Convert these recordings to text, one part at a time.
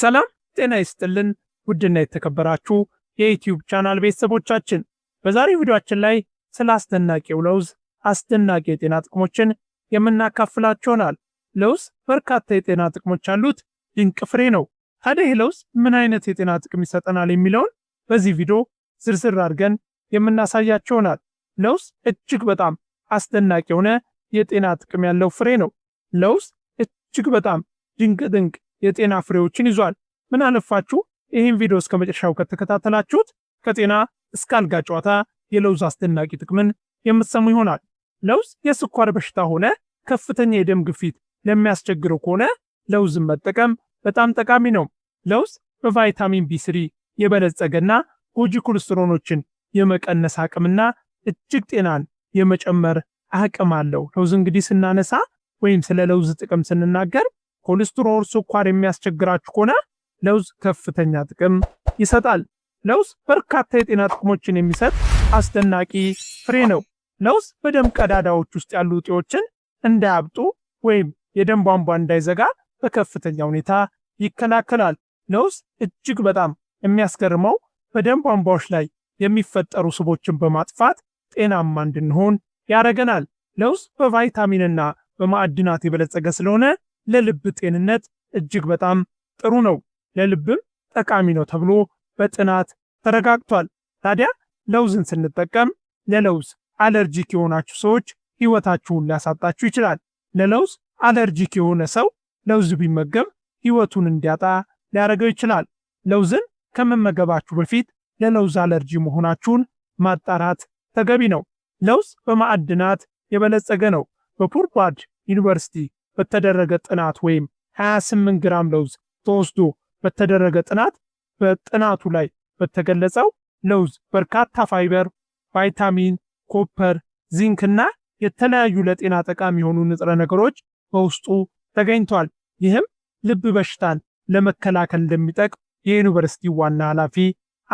ሰላም ጤና ይስጥልን ውድና የተከበራችሁ የዩትዩብ ቻናል ቤተሰቦቻችን በዛሬ ቪዲዮአችን ላይ ስለ አስደናቂው ለውዝ አስደናቂ የጤና ጥቅሞችን ይሆናል። ለውዝ በርካታ የጤና ጥቅሞች ያሉት ድንቅ ፍሬ ነው። ታዲያ ይህ ለውዝ ምን አይነት የጤና ጥቅም ይሰጠናል የሚለውን በዚህ ቪዲዮ ዝርዝር አድርገን የምናሳያችሁናል። ለውዝ እጅግ በጣም አስደናቂ የሆነ የጤና ጥቅም ያለው ፍሬ ነው። ለውዝ እጅግ በጣም ድንቅ ድንቅ የጤና ፍሬዎችን ይዟል። ምን አለፋችሁ ይህን ቪዲዮ እስከ መጨረሻው ከተከታተላችሁት ከጤና እስከ አልጋ ጨዋታ የለውዝ አስደናቂ ጥቅምን የምትሰሙ ይሆናል። ለውዝ የስኳር በሽታ ሆነ ከፍተኛ የደም ግፊት ለሚያስቸግረው ከሆነ ለውዝን መጠቀም በጣም ጠቃሚ ነው። ለውዝ በቫይታሚን ቢስሪ የበለጸገና ጎጂ ኮሌስትሮሎችን የመቀነስ አቅምና እጅግ ጤናን የመጨመር አቅም አለው። ለውዝ እንግዲህ ስናነሳ ወይም ስለ ለውዝ ጥቅም ስንናገር ኮሌስትሮል፣ ስኳር የሚያስቸግራችሁ ከሆነ ለውዝ ከፍተኛ ጥቅም ይሰጣል። ለውዝ በርካታ የጤና ጥቅሞችን የሚሰጥ አስደናቂ ፍሬ ነው። ለውዝ በደም ቀዳዳዎች ውስጥ ያሉ እጢዎችን እንዳያብጡ ወይም የደም ቧንቧ እንዳይዘጋ በከፍተኛ ሁኔታ ይከላከላል። ለውዝ እጅግ በጣም የሚያስገርመው በደም ቧንቧዎች ላይ የሚፈጠሩ ስቦችን በማጥፋት ጤናማ እንድንሆን ያደረገናል። ለውዝ በቫይታሚንና በማዕድናት የበለጸገ ስለሆነ ለልብ ጤንነት እጅግ በጣም ጥሩ ነው፣ ለልብም ጠቃሚ ነው ተብሎ በጥናት ተረጋግቷል። ታዲያ ለውዝን ስንጠቀም ለለውዝ አለርጂክ የሆናችሁ ሰዎች ህይወታችሁን ሊያሳጣችሁ ይችላል። ለለውዝ አለርጂክ የሆነ ሰው ለውዝ ቢመገብ ሕይወቱን እንዲያጣ ሊያደርገው ይችላል። ለውዝን ከመመገባችሁ በፊት ለለውዝ አለርጂ መሆናችሁን ማጣራት ተገቢ ነው። ለውዝ በማዕድናት የበለጸገ ነው። በፑርባድ ዩኒቨርሲቲ በተደረገ ጥናት ወይም 28 ግራም ለውዝ ተወስዶ በተደረገ ጥናት በጥናቱ ላይ በተገለጸው ለውዝ በርካታ ፋይበር፣ ቫይታሚን፣ ኮፐር፣ ዚንክ እና የተለያዩ ለጤና ጠቃሚ የሆኑ ንጥረ ነገሮች በውስጡ ተገኝቷል። ይህም ልብ በሽታን ለመከላከል እንደሚጠቅም የዩኒቨርሲቲው ዋና ኃላፊ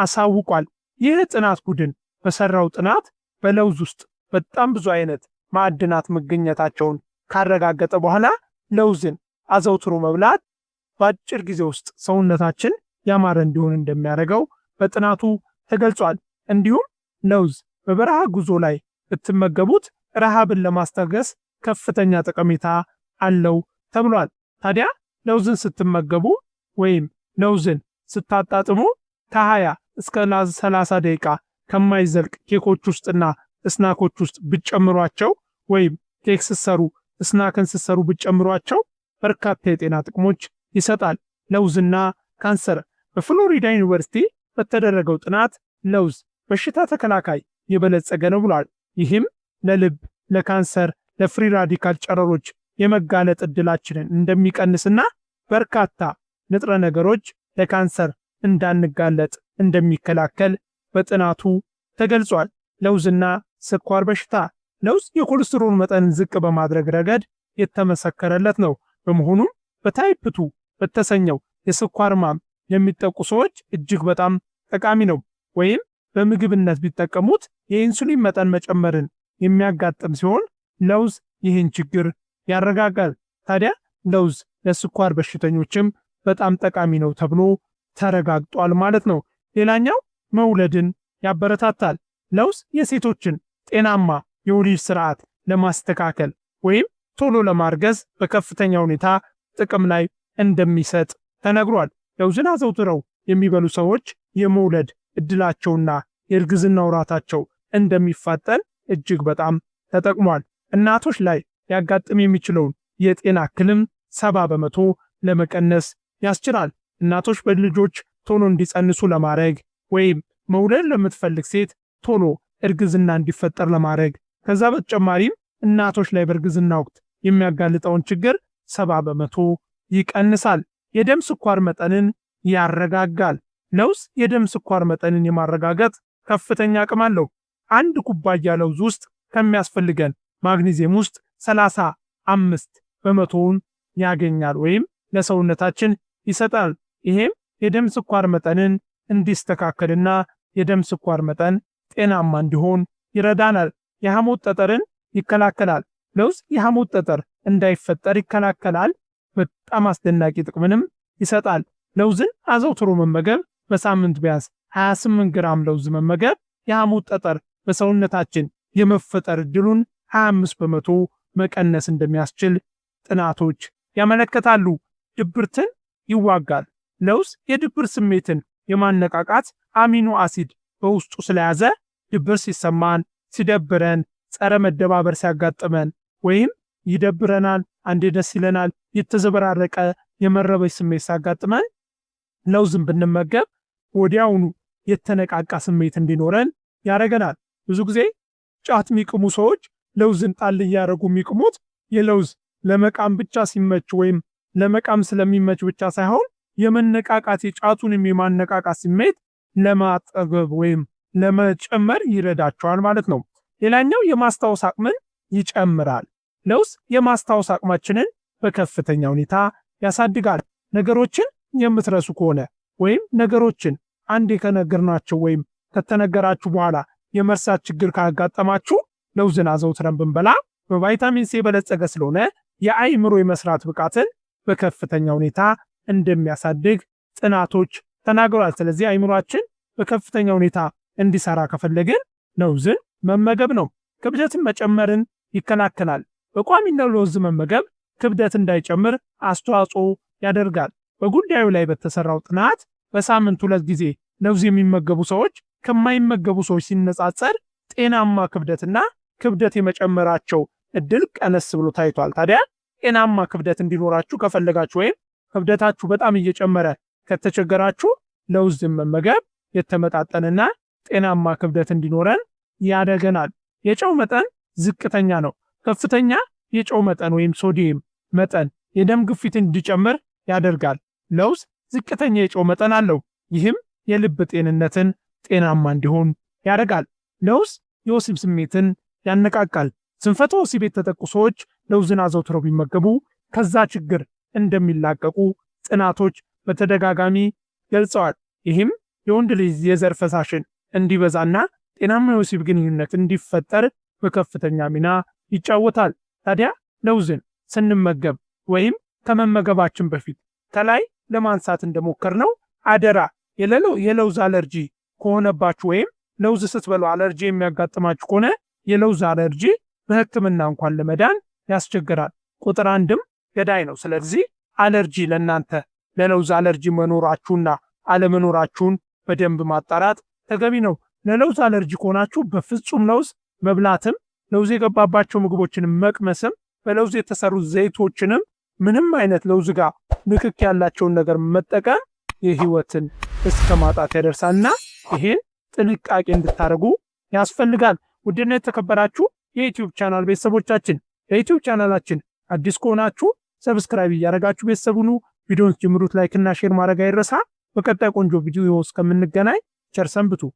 አሳውቋል። ይህ ጥናት ቡድን በሰራው ጥናት በለውዝ ውስጥ በጣም ብዙ አይነት ማዕድናት መገኘታቸውን ካረጋገጠ በኋላ ለውዝን አዘውትሮ መብላት በአጭር ጊዜ ውስጥ ሰውነታችን ያማረ እንዲሆን እንደሚያደርገው በጥናቱ ተገልጿል። እንዲሁም ለውዝ በበረሃ ጉዞ ላይ ብትመገቡት ረሃብን ለማስታገስ ከፍተኛ ጠቀሜታ አለው ተብሏል። ታዲያ ለውዝን ስትመገቡ ወይም ለውዝን ስታጣጥሙ ከ20 እስከ 30 ደቂቃ ከማይዘልቅ ኬኮች ውስጥና እስናኮች ውስጥ ብትጨምሯቸው ወይም ኬክ ስትሰሩ ስናክን ስትሰሩ ብትጨምሯቸው በርካታ የጤና ጥቅሞች ይሰጣል። ለውዝና ካንሰር በፍሎሪዳ ዩኒቨርሲቲ በተደረገው ጥናት ለውዝ በሽታ ተከላካይ የበለጸገ ነው ብሏል። ይህም ለልብ፣ ለካንሰር፣ ለፍሪ ራዲካል ጨረሮች የመጋለጥ ዕድላችንን እንደሚቀንስና በርካታ ንጥረ ነገሮች ለካንሰር እንዳንጋለጥ እንደሚከላከል በጥናቱ ተገልጿል። ለውዝና ስኳር በሽታ ለውዝ የኮሌስትሮል መጠንን ዝቅ በማድረግ ረገድ የተመሰከረለት ነው። በመሆኑም በታይፕቱ በተሰኘው የስኳር ማም የሚጠቁ ሰዎች እጅግ በጣም ጠቃሚ ነው። ወይም በምግብነት ቢጠቀሙት የኢንሱሊን መጠን መጨመርን የሚያጋጥም ሲሆን ለውዝ ይህን ችግር ያረጋጋል። ታዲያ ለውዝ ለስኳር በሽተኞችም በጣም ጠቃሚ ነው ተብሎ ተረጋግጧል ማለት ነው። ሌላኛው መውለድን ያበረታታል። ለውዝ የሴቶችን ጤናማ የወሊድ ስርዓት ለማስተካከል ወይም ቶሎ ለማርገዝ በከፍተኛ ሁኔታ ጥቅም ላይ እንደሚሰጥ ተነግሯል። ለውዝን አዘውትረው የሚበሉ ሰዎች የመውለድ እድላቸውና የእርግዝና ውራታቸው እንደሚፋጠን እጅግ በጣም ተጠቅሟል። እናቶች ላይ ሊያጋጥም የሚችለውን የጤና እክልም ሰባ በመቶ ለመቀነስ ያስችላል። እናቶች በልጆች ቶሎ እንዲጸንሱ ለማድረግ ወይም መውለድ ለምትፈልግ ሴት ቶሎ እርግዝና እንዲፈጠር ለማድረግ ከዛ በተጨማሪም እናቶች ላይ በእርግዝና ወቅት የሚያጋልጠውን ችግር ሰባ በመቶ ይቀንሳል። የደም ስኳር መጠንን ያረጋጋል። ለውዝ የደም ስኳር መጠንን የማረጋገጥ ከፍተኛ አቅም አለው። አንድ ኩባያ ለውዝ ውስጥ ከሚያስፈልገን ማግኒዚየም ውስጥ አምስት በመቶውን ያገኛል ወይም ለሰውነታችን ይሰጣል። ይሄም የደም ስኳር መጠንን እንዲስተካከልና የደም ስኳር መጠን ጤናማ እንዲሆን ይረዳናል። የሐሞት ጠጠርን ይከላከላል። ለውዝ የሐሞት ጠጠር እንዳይፈጠር ይከላከላል። በጣም አስደናቂ ጥቅምንም ይሰጣል። ለውዝን አዘውትሮ መመገብ በሳምንት ቢያንስ 28 ግራም ለውዝ መመገብ የሐሞት ጠጠር በሰውነታችን የመፈጠር እድሉን 25 በመቶ መቀነስ እንደሚያስችል ጥናቶች ያመለከታሉ። ድብርትን ይዋጋል። ለውዝ የድብር ስሜትን የማነቃቃት አሚኖ አሲድ በውስጡ ስለያዘ ድብር ሲሰማን ሲደብረን፣ ጸረ መደባበር ሲያጋጥመን ወይም ይደብረናል፣ አንዴ ደስ ይለናል፣ የተዘበራረቀ የመረበች ስሜት ሲያጋጥመን ለውዝን ብንመገብ ወዲያውኑ የተነቃቃ ስሜት እንዲኖረን ያደርገናል። ብዙ ጊዜ ጫት የሚቅሙ ሰዎች ለውዝን ጣል እያደረጉ የሚቅሙት የለውዝ ለመቃም ብቻ ሲመች ወይም ለመቃም ስለሚመች ብቻ ሳይሆን የመነቃቃት የጫቱንም የማነቃቃት ስሜት ለማጠገብ ወይም ለመጨመር ይረዳቸዋል ማለት ነው። ሌላኛው የማስታወስ አቅምን ይጨምራል። ለውዝ የማስታወስ አቅማችንን በከፍተኛ ሁኔታ ያሳድጋል። ነገሮችን የምትረሱ ከሆነ ወይም ነገሮችን አንዴ ከነገርናቸው ወይም ከተነገራችሁ በኋላ የመርሳት ችግር ካጋጠማችሁ ለውዝን አዘውትረን ብንበላ በቫይታሚን ሲ የበለጸገ ስለሆነ የአእምሮ የመስራት ብቃትን በከፍተኛ ሁኔታ እንደሚያሳድግ ጥናቶች ተናግሯል። ስለዚህ አይምሯችን በከፍተኛ ሁኔታ እንዲሰራ ከፈለግን ለውዝን መመገብ ነው። ክብደትን መጨመርን ይከላከላል። በቋሚነት ለውዝ መመገብ ክብደት እንዳይጨምር አስተዋጽኦ ያደርጋል። በጉዳዩ ላይ በተሰራው ጥናት በሳምንት ሁለት ጊዜ ለውዝ የሚመገቡ ሰዎች ከማይመገቡ ሰዎች ሲነጻጸር ጤናማ ክብደትና ክብደት የመጨመራቸው እድል ቀነስ ብሎ ታይቷል። ታዲያ ጤናማ ክብደት እንዲኖራችሁ ከፈለጋችሁ ወይም ክብደታችሁ በጣም እየጨመረ ከተቸገራችሁ ለውዝን መመገብ የተመጣጠንና ጤናማ ክብደት እንዲኖረን ያደገናል። የጨው መጠን ዝቅተኛ ነው። ከፍተኛ የጨው መጠን ወይም ሶዲየም መጠን የደም ግፊት እንዲጨምር ያደርጋል። ለውዝ ዝቅተኛ የጨው መጠን አለው። ይህም የልብ ጤንነትን ጤናማ እንዲሆን ያደርጋል። ለውዝ የወሲብ ስሜትን ያነቃቃል። ስንፈተ ወሲብ የተጠቁ ሰዎች ለውዝን አዘውትረው ቢመገቡ ከዛ ችግር እንደሚላቀቁ ጥናቶች በተደጋጋሚ ገልጸዋል። ይህም የወንድ ልጅ የዘር ፈሳሽን እንዲበዛና ጤናማ የወሲብ ግንኙነት እንዲፈጠር በከፍተኛ ሚና ይጫወታል። ታዲያ ለውዝን ስንመገብ ወይም ከመመገባችን በፊት ከላይ ለማንሳት እንደሞከርነው አደራ የለውዝ አለርጂ ከሆነባችሁ ወይም ለውዝ ስትበሉ አለርጂ የሚያጋጥማችሁ ከሆነ የለውዝ አለርጂ በሕክምና እንኳን ለመዳን ያስቸግራል። ቁጥር አንድም ገዳይ ነው። ስለዚህ አለርጂ ለእናንተ ለለውዝ አለርጂ መኖራችሁና አለመኖራችሁን በደንብ ማጣራት ተገቢ ነው። ለለውዝ አለርጂ ከሆናችሁ በፍጹም ለውዝ መብላትም ለውዝ የገባባቸው ምግቦችን መቅመስም በለውዝ የተሰሩ ዘይቶችንም ምንም አይነት ለውዝ ጋር ንክክ ያላቸውን ነገር መጠቀም የህይወትን እስከ ማጣት ያደርሳልና ይህን ጥንቃቄ እንድታደርጉ ያስፈልጋል። ውድና የተከበራችሁ የዩትዩብ ቻናል ቤተሰቦቻችን ለዩትዩብ ቻናላችን አዲስ ከሆናችሁ ሰብስክራይብ እያደረጋችሁ ቤተሰቡኑ ቪዲዮን ጀምሩት። ላይክና ሼር ማድረግ አይረሳ። በቀጣይ ቆንጆ ቪዲዮ እስከምንገናኝ چرسم بتو